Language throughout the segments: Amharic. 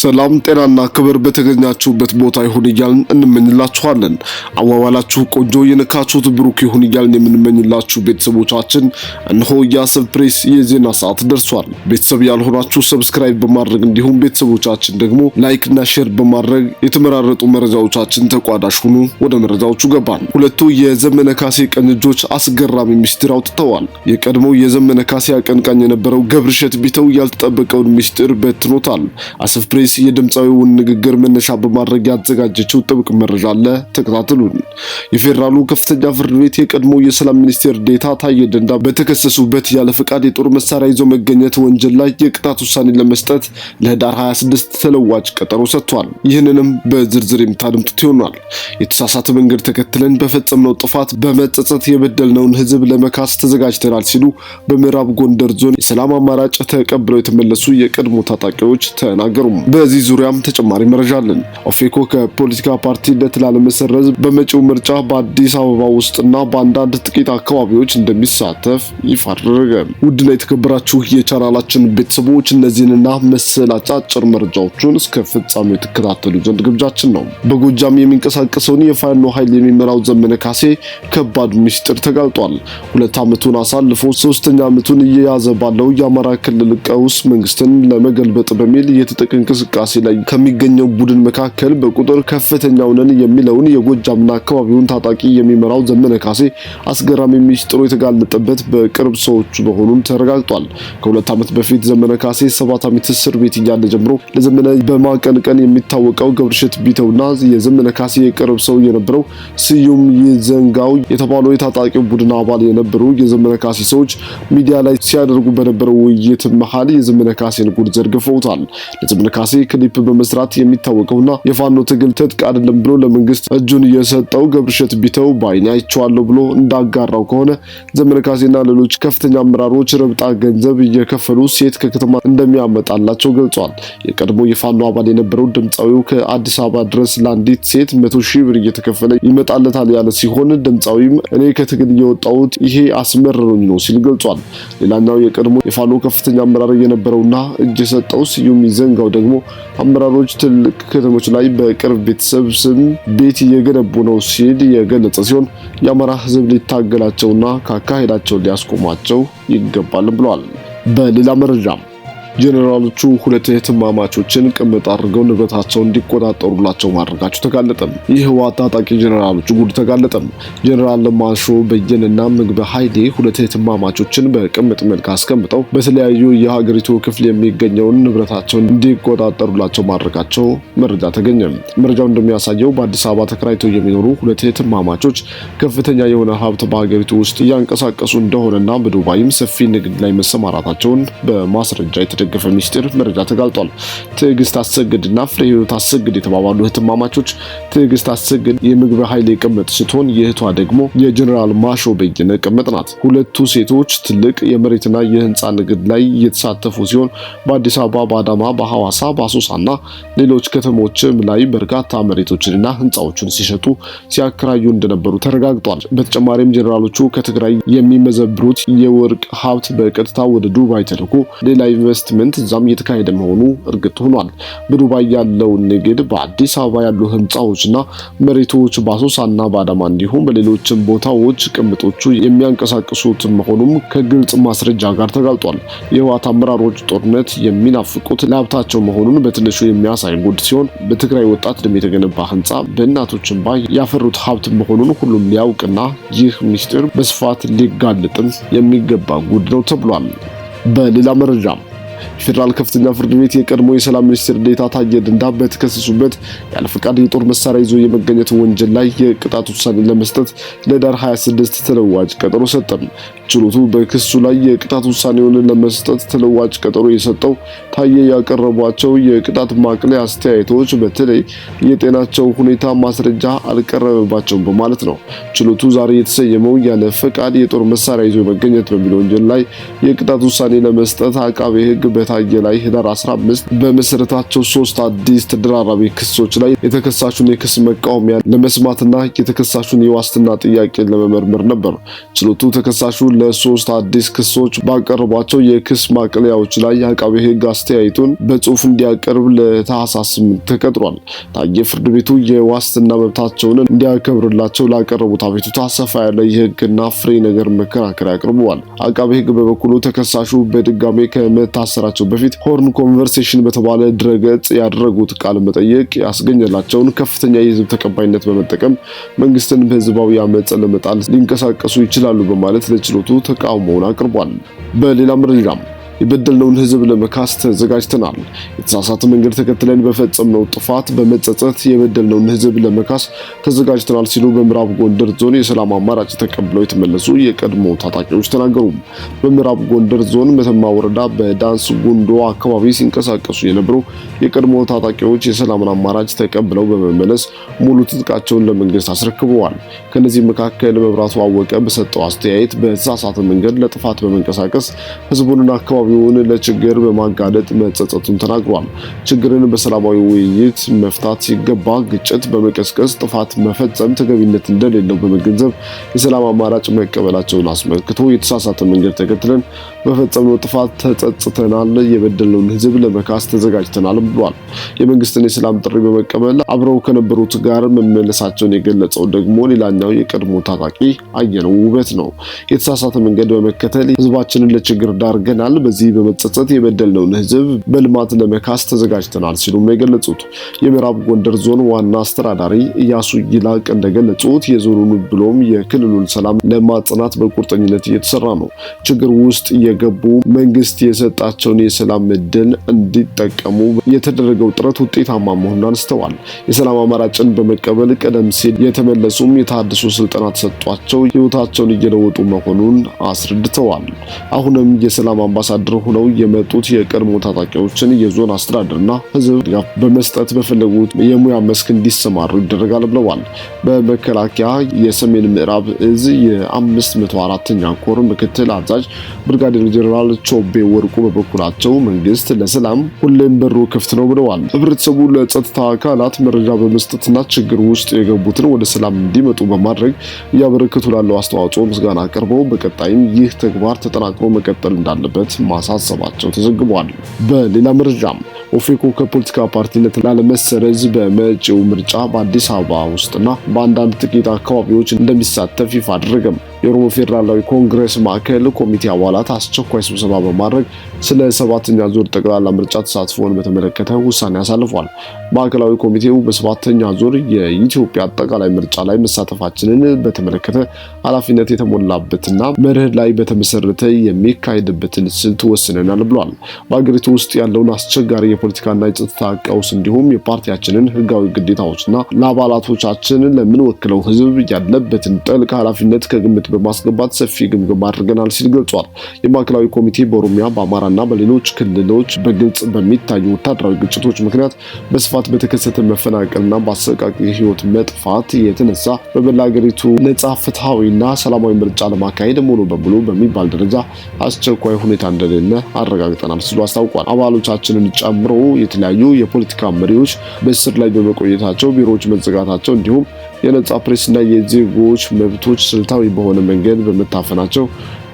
ሰላም ጤናና ክብር በተገኛችሁበት ቦታ ይሁን እያልን እንመኝላችኋለን። አዋዋላችሁ ቆንጆ የነካችሁት ብሩክ ይሁን እያልን የምንመኝላችሁ ቤተሰቦቻችን እነሆ የአሰብ ፕሬስ የዜና ሰዓት ደርሷል። ቤተሰብ ያልሆናችሁ ሰብስክራይብ በማድረግ እንዲሁም ቤተሰቦቻችን ደግሞ ላይክ እና ሼር በማድረግ የተመራረጡ መረጃዎቻችን ተቋዳሽ ሁኑ። ወደ መረጃዎቹ ገባን። ሁለቱ የዘመነ ካሴ ቀኝ እጆች አስገራሚ ሚስጥር አውጥተዋል። የቀድሞው የዘመነ ካሴ አቀንቃኝ የነበረው ገብርሸት ቢተው ያልተጠበቀውን ሚስጢር በትኖታል። አሰብ ፕሬስ ፖሊስ የድምፃዊውን ንግግር መነሻ በማድረግ ያዘጋጀችው ጥብቅ መረጃ አለ። ተከታተሉን። የፌዴራሉ ከፍተኛ ፍርድ ቤት የቀድሞ የሰላም ሚኒስቴር ዴታ ታዬ ደንዳ በተከሰሱበት ያለ ፈቃድ የጦር መሳሪያ ይዞ መገኘት ወንጀል ላይ የቅጣት ውሳኔ ለመስጠት ለህዳር 26 ተለዋጭ ቀጠሮ ሰጥቷል። ይህንንም በዝርዝር የምታደምጡት ይሆናል። የተሳሳተ መንገድ ተከትለን በፈጸምነው ጥፋት በመጸጸት የበደልነውን ህዝብ ለመካስ ተዘጋጅተናል ሲሉ በምዕራብ ጎንደር ዞን የሰላም አማራጭ ተቀብለው የተመለሱ የቀድሞ ታጣቂዎች ተናገሩም። በዚህ ዙሪያም ተጨማሪ መረጃ አለን። ኦፌኮ ከፖለቲካ ፓርቲነት ላለመሰረዝ በመጪው ምርጫ በአዲስ አበባ ውስጥና በአንዳንድ ጥቂት አካባቢዎች እንደሚሳተፍ ይፋ አደረገ። ውድና የተከበራችሁ የቻናላችን ቤተሰቦች እነዚህንና መሰል አጫጭር መረጃዎቹን እስከ ፍጻሜው የተከታተሉ ዘንድ ግብዣችን ነው። በጎጃም የሚንቀሳቀሰውን የፋኖ ኃይል የሚመራው ዘመነ ካሴ ከባድ ምስጢር ተጋልጧል። ሁለት ዓመቱን አሳልፎ ሶስተኛ ዓመቱን እየያዘ ባለው የአማራ ክልል ቀውስ መንግስትን ለመገልበጥ በሚል የተጠቀ እንቅስቃሴ እንቅስቃሴ ላይ ከሚገኘው ቡድን መካከል በቁጥር ከፍተኛው ነን የሚለውን የጎጃምና አካባቢውን ታጣቂ የሚመራው ዘመነ ካሴ አስገራሚ ሚስጥሩ የተጋለጠበት በቅርብ ሰዎቹ መሆኑን ተረጋግጧል። ከሁለት ዓመት በፊት ዘመነ ካሴ ሰባት ዓመት እስር ቤት እያለ ጀምሮ ለዘመነ በማቀንቀን የሚታወቀው ገብርሸት ቢተውና የዘመነ ካሴ የቅርብ ሰው የነበረው ስዩም ይዘንጋው የተባለው የታጣቂው ቡድን አባል የነበሩ የዘመነ ካሴ ሰዎች ሚዲያ ላይ ሲያደርጉ በነበረው ውይይት መሀል የዘመነ ካሴን ጉድ ዘርግፈውታል። ለዘመነ ካሴ ክሊፕ በመስራት የሚታወቀውና የፋኖ ትግል ትጥቅ አይደለም ብሎ ለመንግስት እጁን እየሰጠው ገብርሸት ቢተው በአይኔ አይቼዋለሁ ብሎ እንዳጋራው ከሆነ ዘመነ ካሴና ሌሎች ከፍተኛ አመራሮች ረብጣ ገንዘብ እየከፈሉ ሴት ከከተማ እንደሚያመጣላቸው ገልጿል። የቀድሞ የፋኖ አባል የነበረው ድምፃዊው ከአዲስ አበባ ድረስ ለአንዲት ሴት መቶ ሺህ ብር እየተከፈለ ይመጣለታል ያለ ሲሆን ድምፃዊም እኔ ከትግል እየወጣውት ይሄ አስመረሩኝ ነው ሲል ገልጿል። ሌላኛው የቀድሞ የፋኖ ከፍተኛ አመራር የነበረውና እጅ የሰጠው ስዩም ይዘንጋው ደግሞ አመራሮች ትልቅ ከተሞች ላይ በቅርብ ቤተሰብ ስም ቤት እየገነቡ ነው ሲል የገለጸ ሲሆን የአማራ ህዝብ ሊታገላቸውና ከአካሄዳቸው ሊያስቆማቸው ይገባል ብለዋል። በሌላ መረጃም ጀነራሎቹ ሁለት እህትማማቾችን ቅምጥ አድርገው ንብረታቸው እንዲቆጣጠሩላቸው ማድረጋቸው ተጋለጠም። የህወሓት ታጣቂ ጄኔራሎቹ ጉድ ተጋለጠም። ጀነራል ለማሾ በየንና ምግበ ኃይሌ ሁለት እህትማማቾችን በቅምጥ መልክ አስቀምጠው በተለያዩ የሀገሪቱ ክፍል የሚገኘውን ንብረታቸውን እንዲቆጣጠሩላቸው ማድረጋቸው መረጃ ተገኘ። መረጃው እንደሚያሳየው በአዲስ አበባ ተከራይተው የሚኖሩ ሁለት እህትማማቾች ከፍተኛ የሆነ ሀብት በሀገሪቱ ውስጥ እያንቀሳቀሱ እንደሆነና በዱባይም ሰፊ ንግድ ላይ መሰማራታቸውን በማስረጃ የተደ የተደገፈ ሚስጢር መረጃ ተጋልጧል። ትዕግስት አሰግድና ፍሬ ህይወት አሰግድ የተባባሉ እህትማማቾች ትዕግስት አሰግድ የምግብ ኃይሌ ቅምጥ ስትሆን የእህቷ ደግሞ የጀኔራል ማሾ በየነ ቅምጥ ናት። ሁለቱ ሴቶች ትልቅ የመሬትና የህንፃ ንግድ ላይ የተሳተፉ ሲሆን በአዲስ አበባ፣ በአዳማ፣ በሐዋሳ፣ በአሶሳና ሌሎች ከተሞችም ላይ በርካታ መሬቶችንና ህንፃዎችን ሲሸጡ ሲያከራዩ እንደነበሩ ተረጋግጧል። በተጨማሪም ጀኔራሎቹ ከትግራይ የሚመዘብሩት የወርቅ ሀብት በቀጥታ ወደ ዱባይ ተልኮ ሌላ ኢንቨስትመንት ኢንቨስትመንት እዛም እየተካሄደ መሆኑ እርግጥ ሆኗል። በዱባይ ያለው ንግድ በአዲስ አበባ ያሉ ህንፃዎችና መሬቶች በአሶሳና በአዳማ እንዲሁም በሌሎችም ቦታዎች ቅምጦቹ የሚያንቀሳቅሱት መሆኑም ከግልጽ ማስረጃ ጋር ተጋልጧል። የህወሓት አመራሮች ጦርነት የሚናፍቁት ለሀብታቸው መሆኑን በትንሹ የሚያሳይ ጉድ ሲሆን በትግራይ ወጣት ድም የተገነባ ህንፃ በእናቶች እንባ ያፈሩት ሀብት መሆኑን ሁሉም ሊያውቅና ይህ ሚስጢር በስፋት ሊጋለጥም የሚገባ ጉድ ነው ተብሏል። በሌላ መረጃ የፌዴራል ከፍተኛ ፍርድ ቤት የቀድሞ የሰላም ሚኒስትር ዴታ ታየ ደንዳ በተከሰሱበት ያለ ፈቃድ የጦር መሳሪያ ይዞ የመገኘት ወንጀል ላይ የቅጣት ውሳኔ ለመስጠት ለዳር 26 ተለዋጭ ቀጠሮ ሰጠም። ችሎቱ በክሱ ላይ የቅጣት ውሳኔውን ለመስጠት ተለዋጭ ቀጠሮ የሰጠው ታየ ያቀረቧቸው የቅጣት ማቅለያ አስተያየቶች በተለይ የጤናቸው ሁኔታ ማስረጃ አልቀረበባቸውም በማለት ነው። ችሎቱ ዛሬ የተሰየመው ያለ ፈቃድ የጦር መሳሪያ ይዞ የመገኘት በሚል ወንጀል ላይ የቅጣት ውሳኔ ለመስጠት አቃቤ ሕግ በታየ ላይ ህዳር 15 በመሰረታቸው ሶስት አዲስ ተደራራቢ ክሶች ላይ የተከሳሹን የክስ መቃወሚያ ለመስማትና የተከሳሹን የዋስትና ጥያቄ ለመመርመር ነበር። ችሎቱ ተከሳሹ ለሶስት አዲስ ክሶች ባቀረቧቸው የክስ ማቅለያዎች ላይ አቃቤ ሕግ አስተያየቱን በጽሁፍ እንዲያቀርብ ለታህሳስ 8 ተቀጥሯል። ታየ ፍርድ ቤቱ የዋስትና መብታቸውን እንዲያከብርላቸው ላቀረቡት አቤቱታ ሰፋ ያለ የህግና ፍሬ ነገር መከራከሪያ አቅርበዋል። አቃቤ ሕግ በበኩሉ ተከሳሹ በድጋሜ ከመታሰ ከመታሰራቸው በፊት ሆርን ኮንቨርሴሽን በተባለ ድረገጽ ያደረጉት ቃለ መጠይቅ ያስገኘላቸውን ከፍተኛ የህዝብ ተቀባይነት በመጠቀም መንግስትን በህዝባዊ አመፅ ለመጣል ሊንቀሳቀሱ ይችላሉ በማለት ለችሎቱ ተቃውሞውን አቅርቧል። በሌላ ምርሊራም የበደልነውን ህዝብ ለመካስ ተዘጋጅተናል። የተሳሳተ መንገድ ተከትለን በፈጸምነው ጥፋት በመጸጸት የበደልነውን ህዝብ ለመካስ ተዘጋጅተናል ሲሉ በምዕራብ ጎንደር ዞን የሰላም አማራጭ ተቀብለው የተመለሱ የቀድሞ ታጣቂዎች ተናገሩ። በምዕራብ ጎንደር ዞን መተማ ወረዳ በዳንስ ጉንዶ አካባቢ ሲንቀሳቀሱ የነበሩ የቀድሞ ታጣቂዎች የሰላምን አማራጭ ተቀብለው በመመለስ ሙሉ ትጥቃቸውን ለመንግስት አስረክበዋል። ከነዚህ መካከል መብራቱ አወቀ በሰጠው አስተያየት በተሳሳተ መንገድ ለጥፋት በመንቀሳቀስ ህዝቡንና አካባቢ አካባቢውን ለችግር በማጋለጥ መጸጸቱን ተናግሯል። ችግርን በሰላማዊ ውይይት መፍታት ሲገባ ግጭት በመቀስቀስ ጥፋት መፈጸም ተገቢነት እንደሌለው በመገንዘብ የሰላም አማራጭ መቀበላቸውን አስመልክቶ የተሳሳተ መንገድ ተከትለን በፈጸምነው ጥፋት ተጸጽተናል፣ የበደለውን ሕዝብ ለመካስ ተዘጋጅተናል ብሏል። የመንግስትን የሰላም ጥሪ በመቀበል አብረው ከነበሩት ጋር መመለሳቸውን የገለጸው ደግሞ ሌላኛው የቀድሞ ታጣቂ አየነው ውበት ነው። የተሳሳተ መንገድ በመከተል ህዝባችንን ለችግር ዳርገናል። በዚህ በመጸጸት የበደልነውን ህዝብ በልማት ለመካስ ተዘጋጅተናል ሲሉም ነው የገለጹት። የምዕራብ ጎንደር ዞን ዋና አስተዳዳሪ እያሱ ይላቅ እንደገለጹት የዞኑን ብሎም የክልሉን ሰላም ለማጽናት በቁርጠኝነት እየተሰራ ነው። ችግር ውስጥ የገቡ መንግስት የሰጣቸውን የሰላም እድል እንዲጠቀሙ የተደረገው ጥረት ውጤታማ መሆኑን አንስተዋል። የሰላም አማራጭን በመቀበል ቀደም ሲል የተመለሱም የታድሶ ስልጠና ተሰጧቸው ህይወታቸውን እየለወጡ መሆኑን አስረድተዋል። አሁንም የሰላም አምባሳደር አስተዳደር ሆነው የመጡት የቀድሞ ታጣቂዎችን የዞን አስተዳደርና ህዝብ ድጋፍ በመስጠት በፈለጉት የሙያ መስክ እንዲሰማሩ ይደረጋል ብለዋል። በመከላከያ የሰሜን ምዕራብ እዝ የ504ኛ ኮር ምክትል አዛዥ ብርጋዴር ጀኔራል ቾቤ ወርቁ በበኩላቸው መንግስት ለሰላም ሁሌም በሩ ክፍት ነው ብለዋል። ህብረተሰቡ ለጸጥታ አካላት መረጃ በመስጠትና ችግር ውስጥ የገቡትን ወደ ሰላም እንዲመጡ በማድረግ እያበረከቱ ላለው አስተዋጽኦ ምስጋና አቅርበው በቀጣይም ይህ ተግባር ተጠናክሮ መቀጠል እንዳለበት ማሳሰባቸው ተዘግቧል። በሌላ መረጃም ኦፌኮ ከፖለቲካ ፓርቲነት ላለመሰረዝ በመጪው ምርጫ በአዲስ አበባ ውስጥና በአንዳንድ ጥቂት አካባቢዎች እንደሚሳተፍ ይፋ አደረገም። የኦሮሞ ፌዴራላዊ ኮንግረስ ማዕከል ኮሚቴ አባላት አስቸኳይ ስብሰባ በማድረግ ስለ ሰባተኛ ዙር ጠቅላላ ምርጫ ተሳትፎን በተመለከተ ውሳኔ አሳልፏል። ማዕከላዊ ኮሚቴው በሰባተኛ ዙር የኢትዮጵያ አጠቃላይ ምርጫ ላይ መሳተፋችንን በተመለከተ ኃላፊነት የተሞላበትና መርህ ላይ በተመሰረተ የሚካሄድበትን ስልት ወስነናል ብሏል። በአገሪቱ ውስጥ ያለውን አስቸጋሪ የፖለቲካና የጸጥታ ቀውስ እንዲሁም የፓርቲያችንን ህጋዊ ግዴታዎችና ለአባላቶቻችን ለምንወክለው ህዝብ ያለበትን ጥልቅ ኃላፊነት ከግምት በማስገባት ሰፊ ግምገማ አድርገናል ሲል ገልጿል። የማዕከላዊ ኮሚቴ በኦሮሚያ በአማራና በሌሎች ክልሎች በግልጽ በሚታዩ ወታደራዊ ግጭቶች ምክንያት በስፋት በተከሰተ መፈናቀልና በአሰቃቂ ህይወት መጥፋት የተነሳ በመላ ሀገሪቱ ነጻ ፍትሐዊና ሰላማዊ ምርጫ ለማካሄድ ሙሉ በሙሉ በሚባል ደረጃ አስቸኳይ ሁኔታ እንደሌለ አረጋግጠናል ሲሉ አስታውቋል። አባሎቻችንን ጨምሮ የተለያዩ የፖለቲካ መሪዎች በእስር ላይ በመቆየታቸው ቢሮዎች መዘጋታቸው እንዲሁም የነጻ ፕሬስና የዜጎች መብቶች ስልታዊ በሆነ መንገድ በመታፈናቸው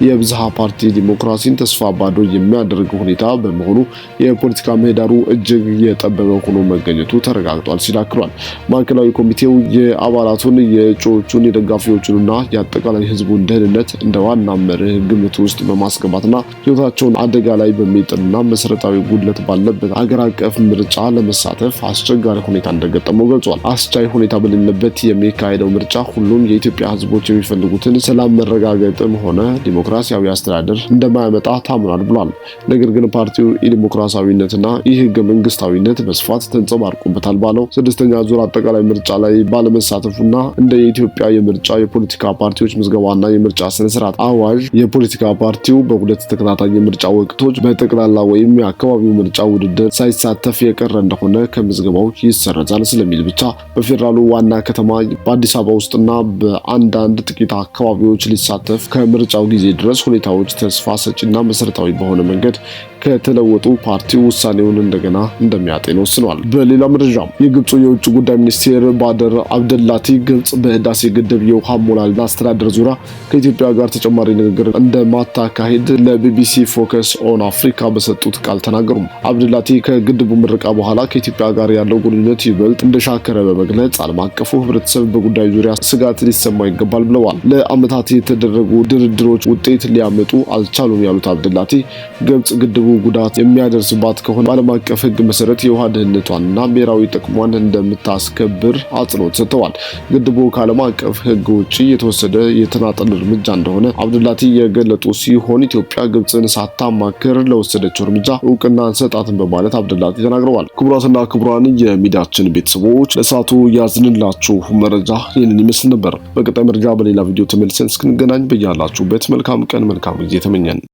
የብዝሃ ፓርቲ ዲሞክራሲን ተስፋ ባዶ የሚያደርግ ሁኔታ በመሆኑ የፖለቲካ ምህዳሩ እጅግ የጠበበ ሆኖ መገኘቱ ተረጋግጧል ሲል አክሏል። ማዕከላዊ ኮሚቴው የአባላቱን የእጩዎቹን የደጋፊዎቹንና የአጠቃላይ ህዝቡን ደህንነት እንደ ዋና መርህ ግምት ውስጥ በማስገባትና ህይወታቸውን አደጋ ላይ በሚጥልና መሰረታዊ ጉድለት ባለበት አገር አቀፍ ምርጫ ለመሳተፍ አስቸጋሪ ሁኔታ እንደገጠመው ገልጿል። አስቻይ ሁኔታ በሌለበት የሚካሄደው ምርጫ ሁሉም የኢትዮጵያ ህዝቦች የሚፈልጉትን ሰላም መረጋገጥም ሆነ ዲሞ ዲሞክራሲያዊ አስተዳደር እንደማያመጣ ታምናል ብሏል። ነገር ግን ፓርቲው የዲሞክራሲያዊነትና የህገ መንግስታዊነት በስፋት ተንጸባርቆበታል ባለው ስድስተኛ ዙር አጠቃላይ ምርጫ ላይ ባለመሳተፉና እንደ የኢትዮጵያ የምርጫ የፖለቲካ ፓርቲዎች ምዝገባና የምርጫ ስነስርዓት አዋጅ የፖለቲካ ፓርቲው በሁለት ተከታታይ የምርጫ ወቅቶች በጠቅላላ ወይም የአካባቢው ምርጫ ውድድር ሳይሳተፍ የቀረ እንደሆነ ከምዝገባው ይሰረዛል ስለሚል ብቻ በፌዴራሉ ዋና ከተማ በአዲስ አበባ ውስጥና በአንዳንድ ጥቂት አካባቢዎች ሊሳተፍ ከምርጫው ጊዜ ድረስ ሁኔታዎች ተስፋ ሰጪና መሰረታዊ በሆነ መንገድ ከተለወጡ ፓርቲ ውሳኔውን እንደገና እንደሚያጤን ወስኗል። በሌላ መረጃም የግብፁ የውጭ ጉዳይ ሚኒስቴር ባደር አብደላቲ ግብፅ በህዳሴ ግድብ የውሃ ሞላልና አስተዳደር ዙሪያ ከኢትዮጵያ ጋር ተጨማሪ ንግግር እንደማታካሄድ ለቢቢሲ ፎከስ ኦን አፍሪካ በሰጡት ቃል ተናገሩም። አብደላቲ ከግድቡ ምረቃ በኋላ ከኢትዮጵያ ጋር ያለው ግንኙነት ይበልጥ እንደሻከረ በመግለጽ ዓለም አቀፉ ህብረተሰብ በጉዳዩ ዙሪያ ስጋት ሊሰማው ይገባል ብለዋል። ለአመታት የተደረጉ ድርድሮች ውጤት ሊያመጡ አልቻሉም ያሉት አብደላቲ ግብፅ ግድቡ ጉዳት የሚያደርስባት ከሆነ በዓለም አቀፍ ሕግ መሰረት የውሃ ደህንነቷንና ብሔራዊ ጥቅሟን እንደምታስከብር አጽንኦት ሰጥተዋል። ግድቡ ከዓለም አቀፍ ሕግ ውጭ የተወሰደ የተናጠል እርምጃ እንደሆነ አብዱላቲ የገለጡ ሲሆን ኢትዮጵያ ግብፅን ሳታማክር ለወሰደችው እርምጃ እውቅና አንሰጣትን በማለት አብዱላቲ ተናግረዋል። ክቡራትና ክቡራን የሚዲያችን ቤተሰቦች ለእሳቱ ያዝንላችሁ መረጃ ይህንን ይመስል ነበር። በቀጣይ መረጃ በሌላ ቪዲዮ ተመልሰን እስክንገናኝ በያላችሁበት መልካም ቀን መልካም ጊዜ ተመኘን።